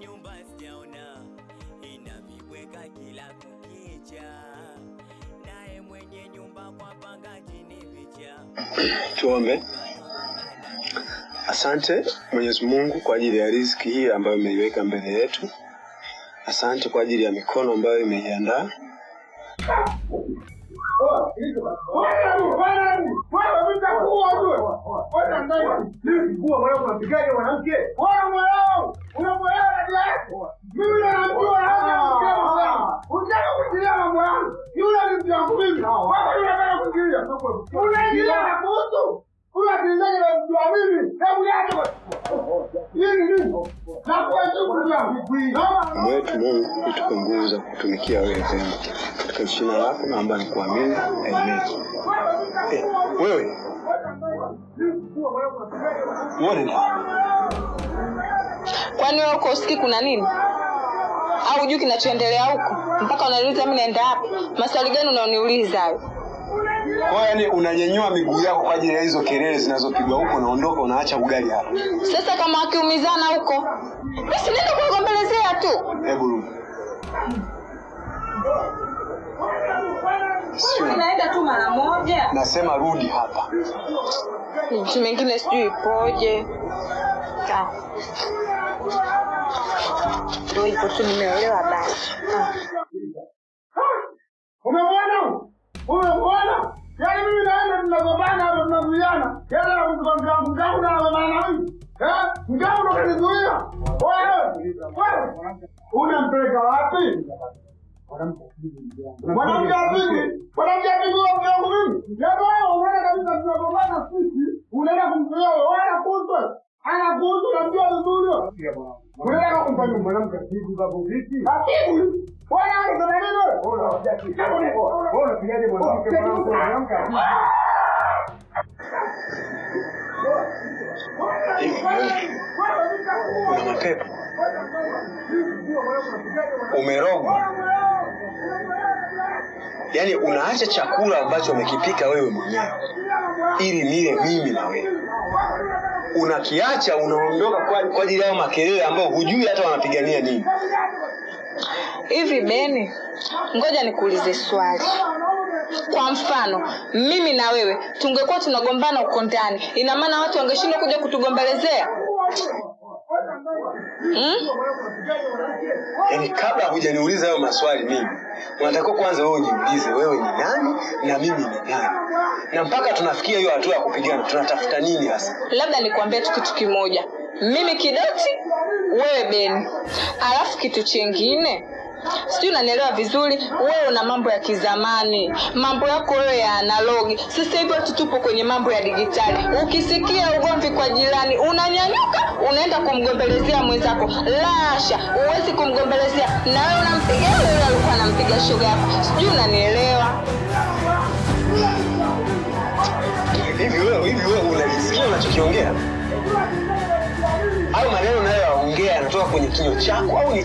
nyumba sijaona, inavibweka kila kukicha, naye mwenye nyumba kwa pangaji ni picha. Tuombe. Asante Mwenyezi Mungu kwa ajili ya riziki hii ambayo umeiweka mbele yetu. Asante kwa ajili ya mikono ambayo imeiandaa kusikia wewe tena kwa jina lako, naomba nikuamini. Amen. Eh, wewe uone, kwani wewe uko usiki kuna nini au juu kinachoendelea huko, mpaka unaniuliza mimi naenda hapo? Maswali gani unaoniuliza hayo? Kwa yani unanyenyua miguu yako kwa ajili ya hizo kelele zinazopigwa huko, naondoka unaacha ugali hapo. Sasa kama akiumizana huko, basi nenda kugombelezea tu. Hebu rudi. Sio. tu mara moja. Nasema rudi hapa. Nchi hmm, mengine sijui ipoje. Ah. Ndio ipo tu nimeelewa basi. Ah. Umeona? Umeona? Yaani mimi naenda tunagombana hapa tunazuiana. Yale na mtu wangu wangu mgao na mama na mimi. Eh? Ngao ndo kanizuia. Wewe. Wewe. Unampeleka wapi? Mwanamke aviki, mwanamke aviki wa mlango mimi. Leo wewe unaona kabisa tunapambana sisi, unaenda kumzuia wewe, anakuzwa. Anakuzwa unamjua vizuri. Unaenda kumfanya mwanamke hivi babu vipi? Hakimu. Bwana alisema neno. Ona hujaki. Ona pigaje mwanamke mwanamke. Umerogwa. Yaani unaacha chakula ambacho umekipika wewe mwenyewe ili nile mimi na wewe, unakiacha unaondoka kwa ajili yao makelele ambao hujui hata wanapigania nini. Hivi Beni, ngoja nikuulize swali. Kwa mfano mimi na wewe tungekuwa tunagombana huko ndani, ina maana watu wangeshindwa kuja kutugombelezea? hmm? Yani kabla hujaniuliza hayo maswali mimi, unatakiwa kwanza wewe ujiulize wewe ni nani na mimi ni nani, na mpaka tunafikia hiyo hatua ya kupigana, tunatafuta nini hasa? Labda nikuambie tu kitu kimoja, mimi Kidoti, wewe Beni, alafu kitu chingine sijui unanielewa vizuri wewe una mambo ya kizamani mambo yako wewe ya analogi sasa hivi watu tupo kwenye mambo ya digitali ukisikia ugomvi kwa jirani unanyanyuka unaenda kumgombelezea mwenzako lasha huwezi kumgombelezea na wewe unampiga yule alikuwa anampiga shoga yako sijui unanielewa hivi wewe hivi wewe unalisikia unachokiongea au maneno nayo yaongea yanatoka kwenye kinywa chako au ni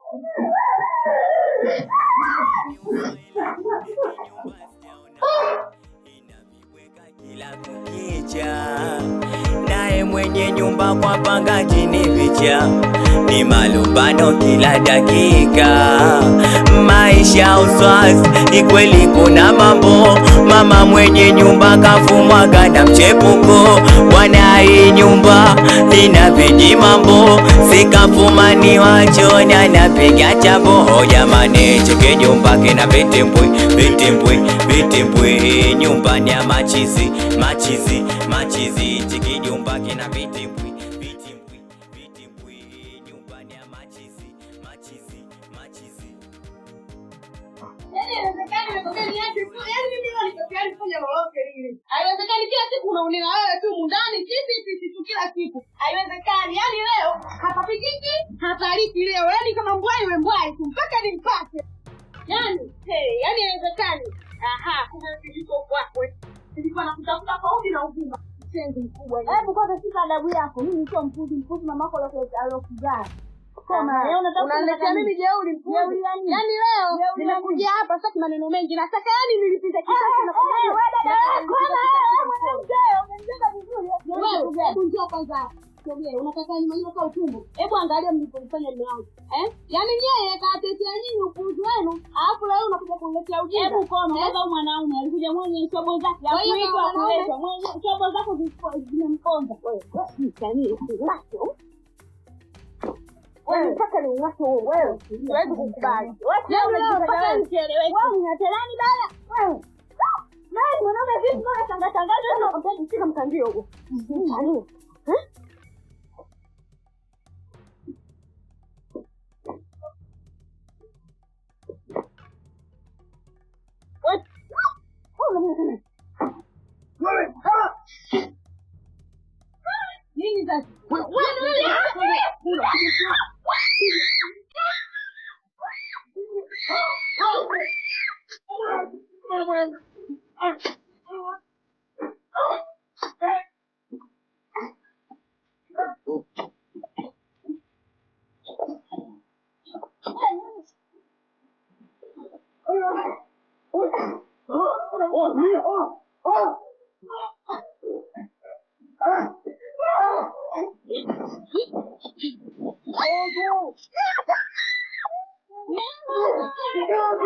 Kila kukicha naye mwenye nyumba kwa pangaji ni picha, ni malumbano kila dakika ya uswazi, ikweli kuna mambo. Mama mwenye nyumba kafumwaga na mchepuko, wana hii nyumba ina viji mambo, sikafumani wachoni anapiga hoja oh, Jamani, cheke nyumba kina vitimbwi vitimbwi vitimbwi, nyumba ni ya machizi machizi machizi, chiki nyumba kina vitimbwi haiwezekani Kila siku unaonea wewe tu mundani, sisi sisi tu, kila siku haiwezekani. Yaani leo hapapikiki hapariki leo, yaani kama mbwai we mbwai tu mpaka nimpate. Yaani hey, yaani haiwezekani. Aha, kuna kijiko kwako. nilikuwa nakutafuta kwa udi na uvuma mtenzi mkubwa. Hebu kwanza sika adabu yako. Mimi sio mpuzi, mpuzi mamako alokuzaa unaniletea mimi jeuri mpuzi. Yaani leo nimekuja hapa sasa maneno mengi yaani eh, eh, eh, nataka yani nilipize Hebu angalia mlipofanya mume wangu eh, yaani yeye katetea nyinyi upuzi wenu, alafu leo unakuja kuniletea ujinga. Hebu koma kwanza, mwanaume alikuja mwenye shobo zake, ya kuitwa kuleta mwenye shobo zako zimemponza mpaka ning'atwe wewe siwezi kukubali wewe unajipaka mchele wewe wewe unatelani bana wewe mimi mwanaume vipi mbona tanga tanga ndio unapenda kufika mkandio huko nani Nini sasa? Wewe wewe Oh,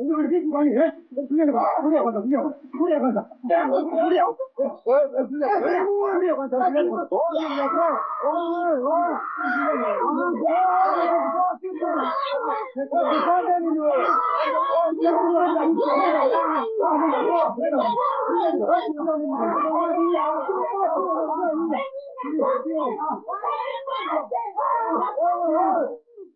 오늘 이렇게 중앙에 그냥 막 그래 간다 그냥 그래 간다 뭐 어, 어, 어, 그래 그래 간다 뭐 그래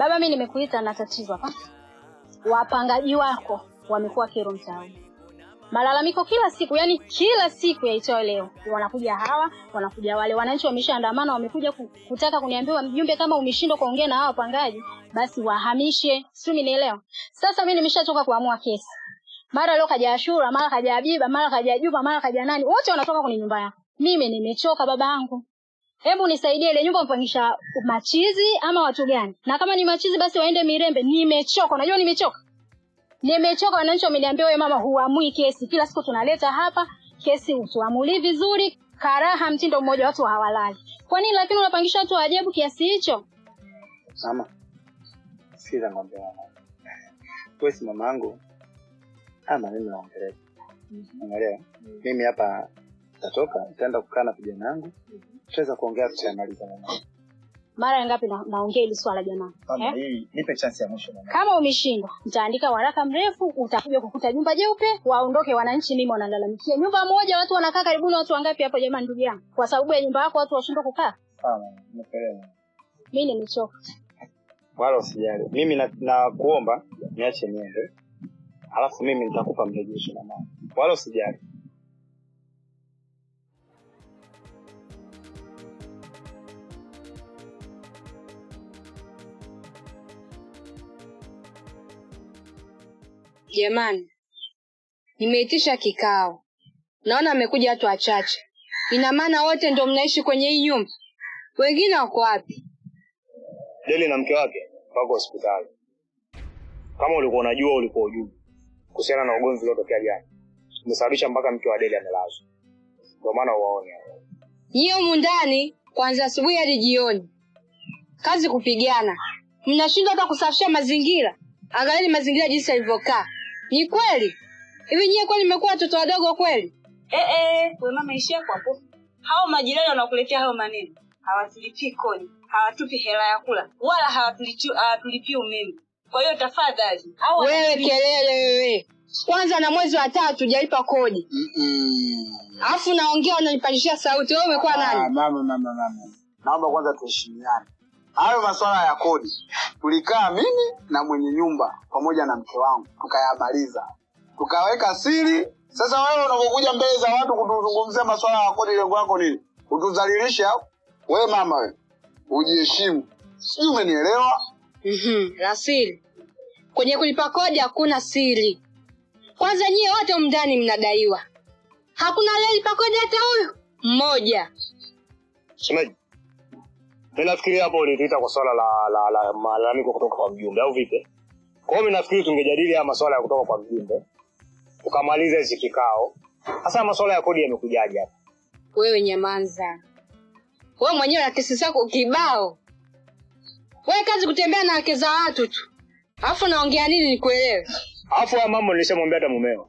Baba, mimi nimekuita na tatizo hapa. Wapangaji wako wamekuwa kero mtaani, malalamiko kila siku, yani kila siku yaitwayo leo, wanakuja hawa, wanakuja wale. Wananchi wameshaandamana, wamekuja kutaka kuniambiwa, mjumbe, kama umeshindwa kuongea na hawa wapangaji, basi wahamishe, sio? Mnielewa? Sasa mimi nimeshatoka kuamua kesi, mara leo kaja Ashura, mara kaja Abiba, mara kaja Juma, mara kaja nani, wote wanatoka kwenye nyumba yako. Mimi nimechoka babangu hebu nisaidie, ile nyumba mpangisha machizi ama watu gani? Na kama ni machizi, basi waende Mirembe. Nimechoka, unajua nimechoka, nimechoka. Wananchi wameniambia, wewe mama, huamui kesi, kila siku tunaleta hapa kesi, utuamuli vizuri, karaha, mtindo mmoja, watu hawalali. Kwa nini lakini unapangisha watu ajabu kiasi hicho? Mama, sikiza ng'ombe wangu wewe, si mama yangu, ama mimi naongelea, mhm. unaelewa? Mhm. Mimi hapa Nitatoka nitaenda kukaa na vijana wangu tutaweza kuongea, tutamaliza maneno. Mara ngapi na, naongea hili swala jamani eh? Nipe chance ya mwisho. Kama umeshindwa, nitaandika waraka mrefu, utakuja kukuta nyumba jeupe, waondoke wananchi. Mimi wanalalamikia nyumba moja, watu wanakaa karibuni, watu wangapi hapa jamani, ndugu yangu, kwa sababu ya nyumba yako watu washindwa kukaa. Mimi nimechoka. Wala usijali, mimi nakuomba na niache niende, alafu mimi nitakupa mrejesho na mama, wala usijali. Jamani, nimeitisha kikao, naona amekuja watu wachache. Ina maana wote ndio mnaishi kwenye hii nyumba? Wengine wako wapi? Deli na mke wake wako hospitali. Kama ulikuwa unajua, ulikuwa ujumbe kuhusiana na ugomvi uliotokea jana umesababisha mpaka mke wa Deli amelazwa, ndio maana uwaone nyie humu ndani kwanza asubuhi hadi jioni, kazi kupigana, mnashindwa hata kusafisha mazingira. Angalieni mazingira jinsi yalivyokaa. Ni kweli? Hivi nyie kweli mmekuwa watoto wadogo kweli? Eh, eh, wewe mama ishia hapo. Hao majirani wanakuletea hayo maneno. Hawatulipii kodi, hawatupi hela ya kula, wala hawatulipii umeme. Kwa hiyo tafadhali. Wewe kelele wewe. Kwanza na mwezi wa tatu hujalipa kodi. Alafu naongea unanipandishia sauti. Wewe umekuwa ah, nani? Mama, mama, mama. Naomba kwanza tuheshimiane hayo masuala ya kodi tulikaa mimi na mwenye nyumba pamoja na mke wangu tukayamaliza tukaweka siri sasa wewe unapokuja mbele za watu kutuzungumzia masuala ya kodi lengo lako nini au wewe mama we ujiheshimu sijui umenielewa mm la siri kwenye kulipa kodi hakuna siri kwanza nyie wote mndani mnadaiwa hakuna aliyelipa kodi hata huyu mmoja semaji Mi nafikiri hapo ulituita kwa swala la, la, la malalamiko kutoka kwa mjumbe au vipi? Kwa hiyo mi nafikiri tungejadili haya maswala ya kutoka kwa mjumbe, ukamaliza hichi kikao. Hasa maswala ya kodi yamekujaje hapa? Wewe Nyamanza, wewe mwenyewe na kesi zako kibao, wewe kazi kutembea na wake za watu tu, alafu naongea nini nikuelewe? Alafu haya mambo nilishamwambia hata mumeo,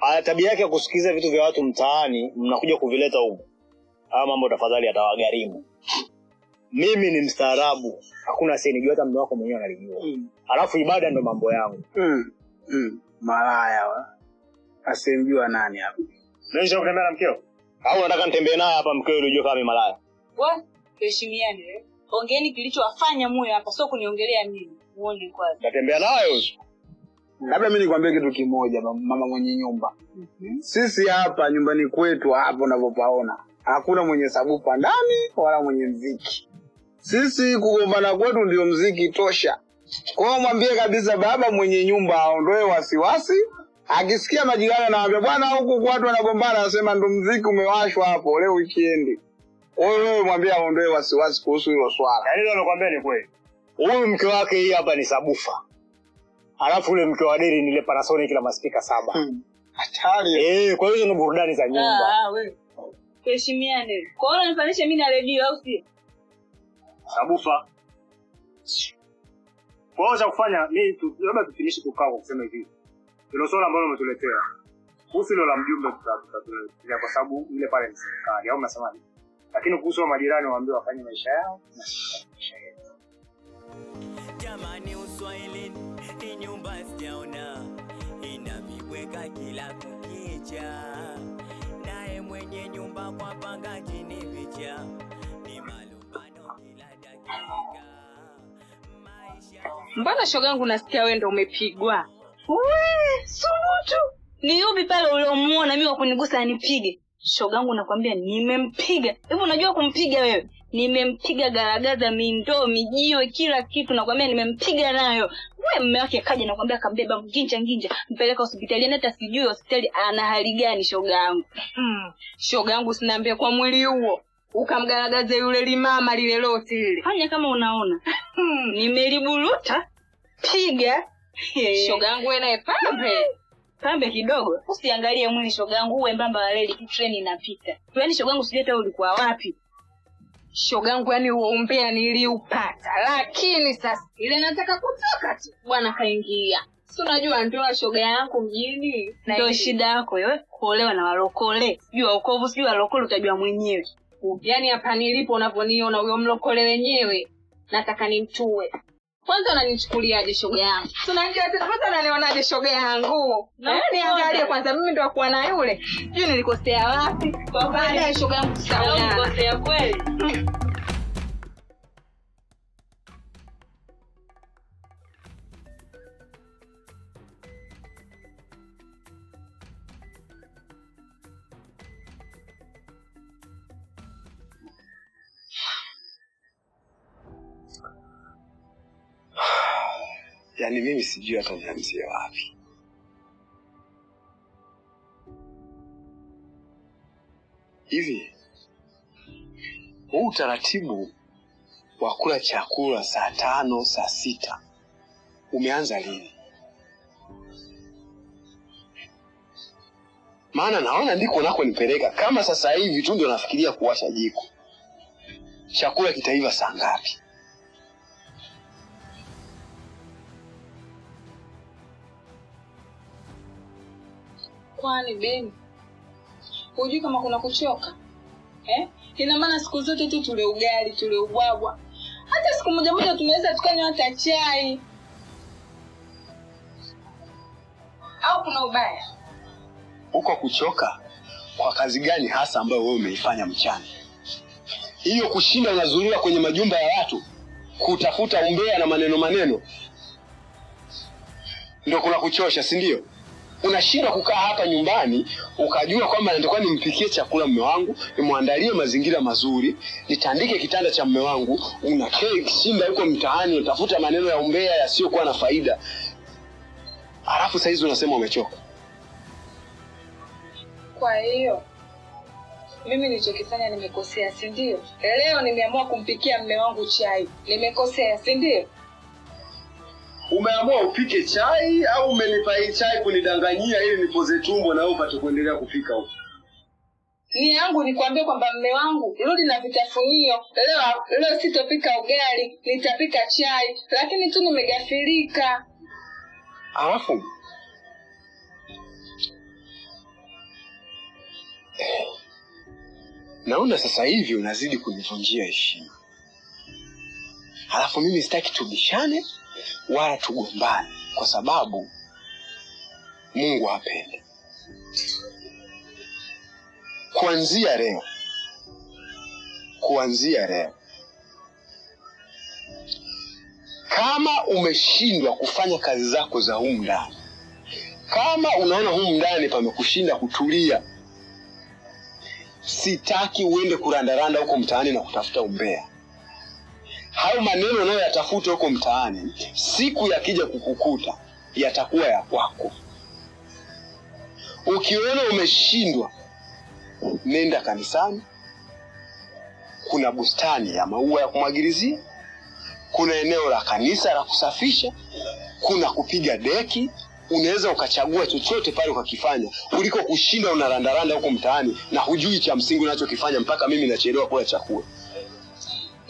ana tabia yake ya kusikiliza vitu vya watu mtaani, mnakuja kuvileta huku. Haya mambo tafadhali, atawagharimu mimi ni mstaarabu hakuna senijua hata mme wako mwenyewe analijua mm. alafu ibada ndo mambo yangu mm. Mm. malaya asemjua nani hapa naisha kutembea na mkeo au nataka nitembee naye hapa mkeo ulijua kama malaya tuheshimiane ongeeni kilichowafanya muyo hapa sio kuniongelea mimi uone kwanza natembea nayo mm. labda mi nikwambie kitu kimoja mama mwenye nyumba mm-hmm. sisi hapa nyumbani kwetu hapo unavyopaona hakuna mwenye sabupa ndani wala mwenye mziki sisi kugombana kwetu ndio mziki tosha. Kwa hiyo mwambie kabisa baba mwenye nyumba aondoe wasiwasi. Akisikia majirani anawambia bwana, huku watu wanagombana, anasema ndio mziki umewashwa hapo leo wikendi. Wewe mwambie aondoe wasiwasi kuhusu hilo swala. Yaani leo anakuambia ni kweli. Huyu mke wake hii hapa ni sabufa. Alafu ule mke wa deli ni ile Panasonic na maspika saba. Hmm. Hatari. Hmm. Eh, kwa hiyo ni burudani za nyumba. Ah, wewe. Ah, Tuheshimiane. Kwa hiyo unanifanisha mimi na redio au sio? sabufa. kwa hiyo cha kufanya mi labda tufinishi kukaa kwa kusema hivi hilo swala ambalo umetuletea kuhusu hilo la mjumbe tutatulia kwa sababu ile pale ni serikali au mnasemaje lakini kuhusu wa majirani waambie wafanye maisha yao jamani uswahilini ni nyumba sijaona ina kila kukicha naye mwenye nyumba kwa pangaji ni vicha ni mali Mbona shogangu, nasikia wewe ndo umepigwa? We Sumutu ni yupi pale uliomuona mimi wakunigusa anipige? Shogangu nakwambia, nimempiga Hebu Unajua kumpiga wewe? Nimempiga garagaza, mindoo, mijiwe, kila kitu, nakwambia nimempiga nayo. We mme wake kaja, nakwambia akambeba nginja nginja, mpeleka hospitali, yaani hata sijui hospitali ana hali gani shogangu. Hmm, shogangu, sinaambia kwa mwili huo ukamgaragaze yule limama lile lote lile. Fanya kama unaona hmm. nimeliburuta, piga shoga yangu wewe, naye pambe hmm. pambe kidogo, usiangalie mwili shoga yangu, uwe mbamba wa reli, treni inapita. Yaani shoga yangu, sijui hata ulikuwa wapi shoga yangu, yani huo umbea niliupata, lakini sasa ile nataka kutoka tu, bwana kaingia Si unajua ndoa shoga yangu mjini, ndio shida yako wewe, kuolewa na walokole. Sijui waokovu, sijui walokole, utajua mwenyewe huku, yaani hapa nilipo unavyoniona, huyo mlokole wenyewe nataka nimtue. Kwanza unanichukuliaje shoga yangu? Tunaongea tena, kwanza unanionaje shoga yangu? Niangalie yaani kwanza, mimi ndo akuwa na yule, sijui nilikosea wapi. Baadaye shoga yangu, sawa, nilikosea kweli mm. yaani mimi sijui hata nianzie wapi hivi huu utaratibu wa kula chakula saa tano saa sita umeanza lini maana naona ndiko nakonipeleka kama sasa hivi tu ndio nafikiria kuwasha jiko chakula kitaiva saa ngapi kwani Ben? Hujui kama kuna kuchoka eh? Ina maana siku zote tu tule ugali tule ubwabwa, hata siku moja moja tunaweza tukanywa hata chai, au kuna ubaya huko? Kuchoka kwa kazi gani hasa ambayo wewe umeifanya mchana? Hiyo kushinda unazurura kwenye majumba ya watu kutafuta umbea na maneno maneno, ndio kuna kuchosha, si ndio? unashindwa kukaa hapa nyumbani ukajua kwamba natakuwa nimpikie chakula mme wangu, nimwandalie mazingira mazuri, nitandike kitanda cha mme wangu. Unashinda huko mtaani utafuta maneno ya umbea yasiyokuwa na faida, halafu sahizi unasema umechoka. Kwa hiyo mimi nilichokifanya nimekosea, si ndio? Leo nimeamua kumpikia mme wangu chai, nimekosea, si ndio? umeamua upike chai au umenipa hii chai kunidanganyia ili nipoze tumbo na wewe upate kuendelea kupika huko? Ni yangu nikwambie kwamba mme wangu, rudi na vitafunio leo. Leo sitopika ugali, nitapika chai, lakini tu nimegafirika. Alafu naona sasa hivi unazidi kunivunjia heshima, alafu mimi sitaki tubishane wala tugombane, kwa sababu Mungu hapendi. Kuanzia leo, kuanzia leo, kama umeshindwa kufanya kazi zako za humu ndani, kama unaona humu ndani pamekushinda kutulia, sitaki uende kurandaranda huko mtaani na kutafuta umbea hayo maneno nayo yatafuta huko mtaani, siku yakija kukukuta yatakuwa ya kwako. Ukiona umeshindwa, nenda kanisani, kuna bustani ya maua ya kumwagilizia, kuna eneo la kanisa la kusafisha, kuna kupiga deki. Unaweza ukachagua chochote pale ukakifanya, kuliko kushinda unarandaranda huko mtaani na hujui cha msingi unachokifanya, mpaka mimi nachelewa kula chakula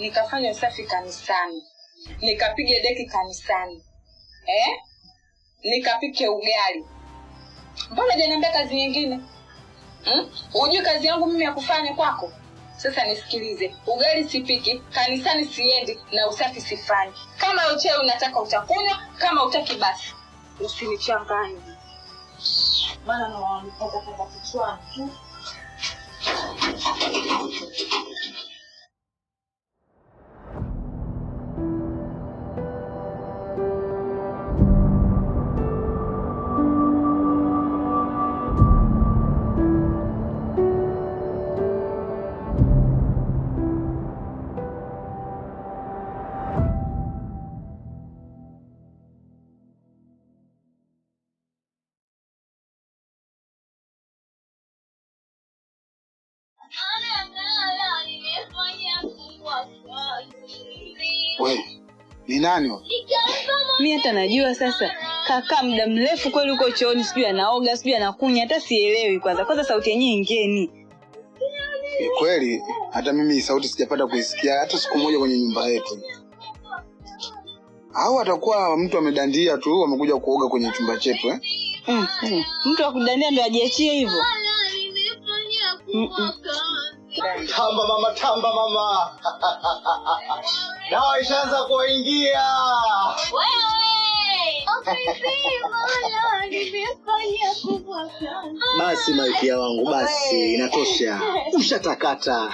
nikafanya usafi kanisani nikapige deki kanisani eh? nikapike ugali mbona janiambia kazi nyingine hmm? ujui kazi yangu mimi ya kufanya kwako sasa nisikilize ugali sipiki kanisani siendi na usafi sifanyi kama uchee unataka utakunywa kama utaki basi usinichanganye maana nawaonipata kichwani tu nani Mimi hata najua sasa kaka muda mrefu kweli uko chooni, sijui anaoga, sijui anakunya, hata sielewi. Kwanza kwanza sauti yenyewe ingeni kweli, hata mimi sauti sijapata kuisikia hata siku moja kwenye nyumba yetu. Au atakuwa mtu amedandia tu, amekuja kuoga kwenye chumba chetu eh? Mm, mm. Mtu akudandia ndo ajiachie hivyo mm -mm. Tamba mama, tamba mama. Dawa ishaanza kuingia. Basi malkia wangu, basi inatosha, ushatakata.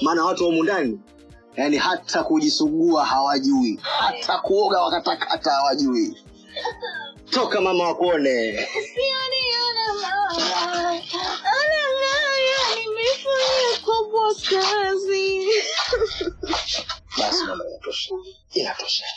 Maana watu wa mundani yaani hata kujisugua hawajui, hata kuoga wakatakata hawajui. Toka mama wakuone. casi. Más de la y la próxima